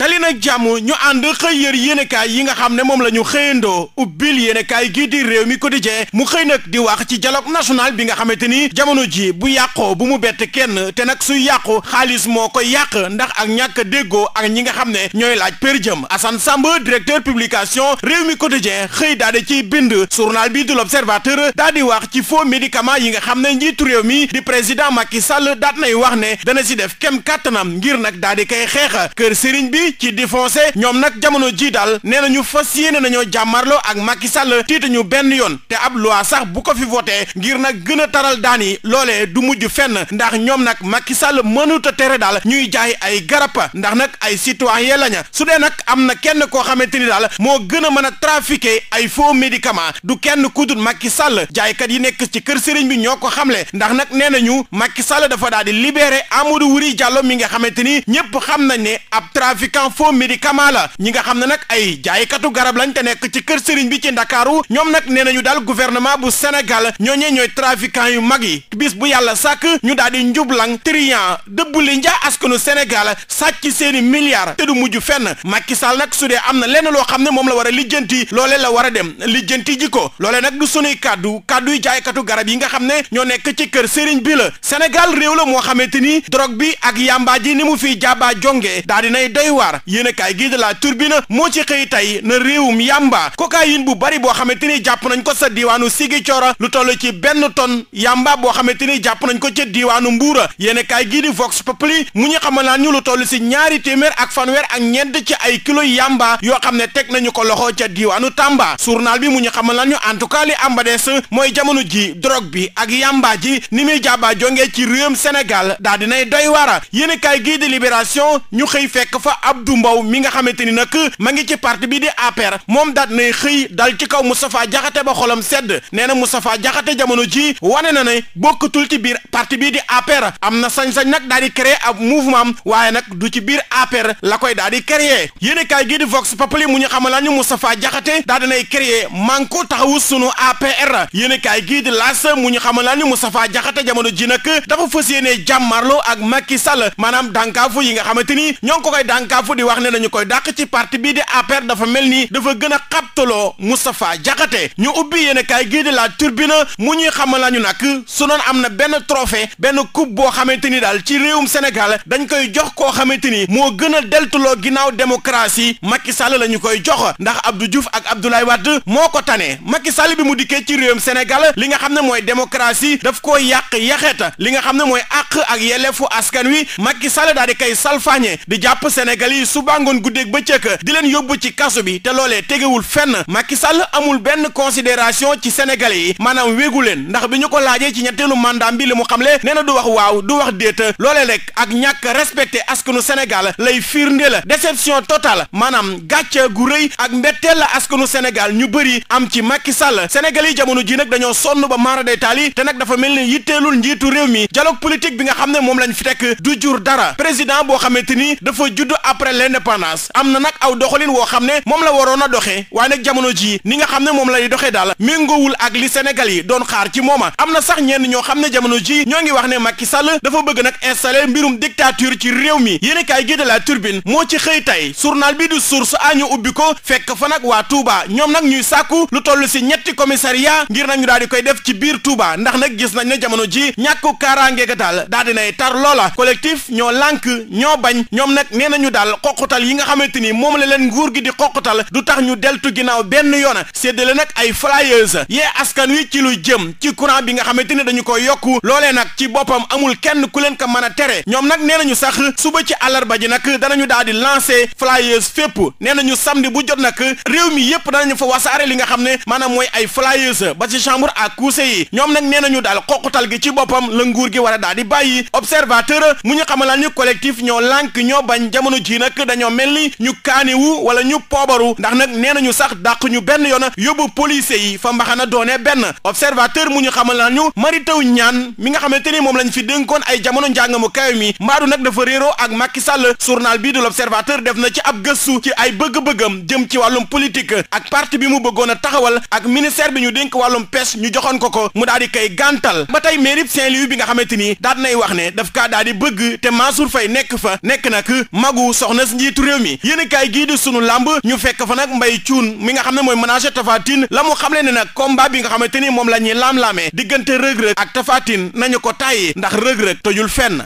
dali nag jàmm ñu ànd xëy yër yéenekaay yi nga xam ne moom la ñu xëyandoo ubbil yéenekaay gii di réew mi quotidien mu xëy nag di wax ci dialogue national bi nga xamante ni jamono ji bu yàqoo bu mu bett kenn te nag su yàqu xaalis moo ko yàq ndax ak ñàkk déggoo ak ñi nga xam ne ñooy la pér jëm Assane Samb directeur publication réew mi quotidien xëy daal di ciy bind journal bi du l'observateur daal di wax ci faux médicament yi nga xam ne njiitu réew mi di président Macky Sall daat wax ne dana si def kem kàttanam ngir nag daal di koy xeex kër sëriñ bi bi ci di ñoom nag jamono ji daal nee na ñu fas yéene nañoo jàmmarloo ak Macky Sall tiita ñu benn yoon te ab loi sax bu ko fi voté ngir nag gën a taral daan loole du mujj fenn ndax ñoom nag Macky Sall mënut a tere daal ñuy jaay ay garab ndax nag ay citoyen laña su dee nag am na kenn koo xamante ni daal moo gën a mën a trafiquer ay faux médicament du kenn ku dul Macky Sall jaaykat yi nekk ci kër sëriñ bi ñoo ko xam xamle ndax nag nee nañu Macky Sall dafa daal di libéré mi nga xamante ni ñëpp foo faux médicament la ñi nga xam ne nag ay jaaykatu garab lañ te nekk ci kër sëriñ bi ci ndakaaru ñoom nag nee nañu daal gouvernement bu Sénégal ñooñee ñooy trafiquant yu mag yi bis bu yàlla sàkk ñu daal di njublang trian dëbb li njaa askanu Sénégal sàcc seeni milliards te du mujj fenn Macky Sall nag su dee am na lenn loo xam ne moom la war a lijjanti loole la war a dem lijjanti ji ko loolee nag du sunuy kàddu kàddu yi jaaykatu garab yi nga xam ne ñoo nekk ci kër sëriñ bi la Sénégal réew la moo xamante ni drogue bi ak yamba ji ni mu fiy jàbbaa jonge daal di Dakar yéen a kaay gii de la turbine moo ci xëy tey na réewum yamba cocaïne bu bari boo xamante ni jàpp nañ ko sa diiwaanu Ziguinchor lu toll ci benn tonne yamba boo xamante ni jàpp nañ ko ca diiwaanu Mbuur yéen a kaay gii di Vox mu ñu xamal naa ñu lu toll si ñaari téeméer ak fanweer ak ñeent ci ay kilo yamba yoo xam ne teg nañu ko loxo ca diiwaanu Tamba journal bi mu ñu xamal naa ñu en tout cas li ambades mooy jamono ji drogue bi ak yamba ji ni muy jàbbaa jongee ci réewum Sénégal daa dinay doy wara yéen a kaay gii Libération ñu xëy fekk Abdou Mbow mi nga xamante ni nag ma ngi ci parti bi di APR moom daat nay xëy dal ci kaw Moustapha Diakhaté ba xolam sedd nee na Moustapha Diakhaté jamono ji wane na ne bokkatul ci biir parti bii di APR am na sañ-sañ nag daal di créer ab mouvement waaye nag du ci biir APR la koy daal di créer yéen kaay gii di Vox Populi mu ñu xamal ñu Moustapha Diakhaté daal dinay créer Manko Taxawu Sunu APR yéen kaay gii di L'As mu ñu xamal ñu Moustapha Diakhaté jamono ji nag dafa fas yéenee jàmmarloo ak Macky Sall maanaam dànkaafu yi nga xamante ni ñoo ñëpp di wax ne dañu koy dàq ci parti bii di APR dafa mel ni dafa gën a xabtaloo Moustapha Diakhaté ñu ubbi yéen a kaay gii di la turbine mu ñuy xamal la ñu nag su noon am na benn trophée benn coupe boo xamante ni daal ci réewum senegal dañ koy jox koo xamante ni moo gën a deltuloo ginnaaw démocratie Macky Sall la ñu koy jox ndax Abdou Diouf ak Abdoulaye Wade moo ko tane Macky Sall bi mu dikkee ci réewum Sénégal li nga xam ne mooy démocratie daf koo yàq yaxeeta li nga xam ne mooy àq ak yelleefu askan wi Macky Sall daal di koy salfaañe di jàpp Sénégal yi yi suba ngoon guddeeg bëccëg di leen yóbbu ci kaso bi te loolee tegewul fenn Macky Sall amul benn considération ci sénégalais yi maanaam wéegu leen ndax bi ñu ko laajee ci ñetteelu mandat bi li xam xamle nee na du wax waaw du wax déet loolee rek ak ñàkk respecté askanu Sénégal lay firnde la déception totale maanaam gàcce gu rëy ak mbetteel la askanu Sénégal ñu bëri am ci Macky Sall Sénégal yi jamono ji nag dañoo sonn ba maara day yi te nag dafa mel ni yitteelul njiitu réew mi dialogue politique bi nga xam ne moom lañ fi tekk du jur dara président boo xamante après l'indépendance am na nag aw doxalin woo xam ne moom la waroon a doxee waaye nag jamono jii ni nga xam ne moom lay doxee daal méngoowul ak li Sénégal yi doon xaar ci mooma am na sax ñenn ñoo xam ne jamono jii ñoo ngi wax ne Macky Sall dafa bëgg nag installer mbirum dictature ci réew mi yéen kaay gi de la moo ci xëy tey journal bi du source añu ubbi ko fekk fa nag waa Touba ñoom nag ñuy sàkku lu toll si ñetti commissariat ngir nag ñu daal di koy def ci biir Touba ndax nag gis nañ ne jamono ji ñàkku kaaraange ga daal daal dinay tar loola collectif ñoo lànk ñoo bañ ñoom nag nee nañu daal xoqatal xoqutal yi nga xamante ni moom la leen nguur gi di xoqutal du tax ñu deltu ginnaaw benn yoon séddale nag ay flyers yee askan wi ci lu jëm ci courant bi nga xamante ni dañu ko yokku loolee nag ci boppam amul kenn ku leen ko mën a tere ñoom nag nee ñu sax suba ci àllarba ji nag danañu daal di lancer flyers fépp nee nañu samedi bu jot nag réew mi yépp danañu fa wasaare li nga xam ne maanaam mooy ay flyers ba ci chambre à coucher yi ñoom nag nee daal xoqutal gi ci boppam la nguur gi war daal di bàyyi observateur mu ñu xamalal ñu collectif ñoo lànk ñoo bañ jamono ji nak dañoo mel ni ñu kaaniwu wala ñu poobaru ndax nag nee nañu sax dàq ñu benn yoon yóbbu police yi fa mbaxana doonee benn observateur mu ñu xamal nañu mari Teuw ñaan mi nga xamante ni moom lañ fi dénkoon ay jamono njàng mu kawe mi mbaadu nag dafa réeroo ak Macky Sall journal bii de l'observateur def na ci ab gëstu ci ay bëgg-bëggam jëm ci wàllum politique ak parti bi mu bëggoon a taxawal ak ministère bi ñu denk wàllum pêche ñu joxoon ko ko mu daal di koy gàntal ba tey mairie Saint-Louis bi nga xamante ni daal nay wax ne daf kaa daal bëgg te Mansour Faye nekk fa nekk nag magu sox soxna si njiitu réew mi yéen kaay gii di sunu làmb ñu fekk fa nag mbay cuun mi nga xam ne mooy manager tafatin la mu xamle ne nag combat bi nga xamante ni moom la ñuy laam-laamee diggante rëg-rëg ak tafatin nañu ko tàyyi ndax rëg-rëg tojul fenn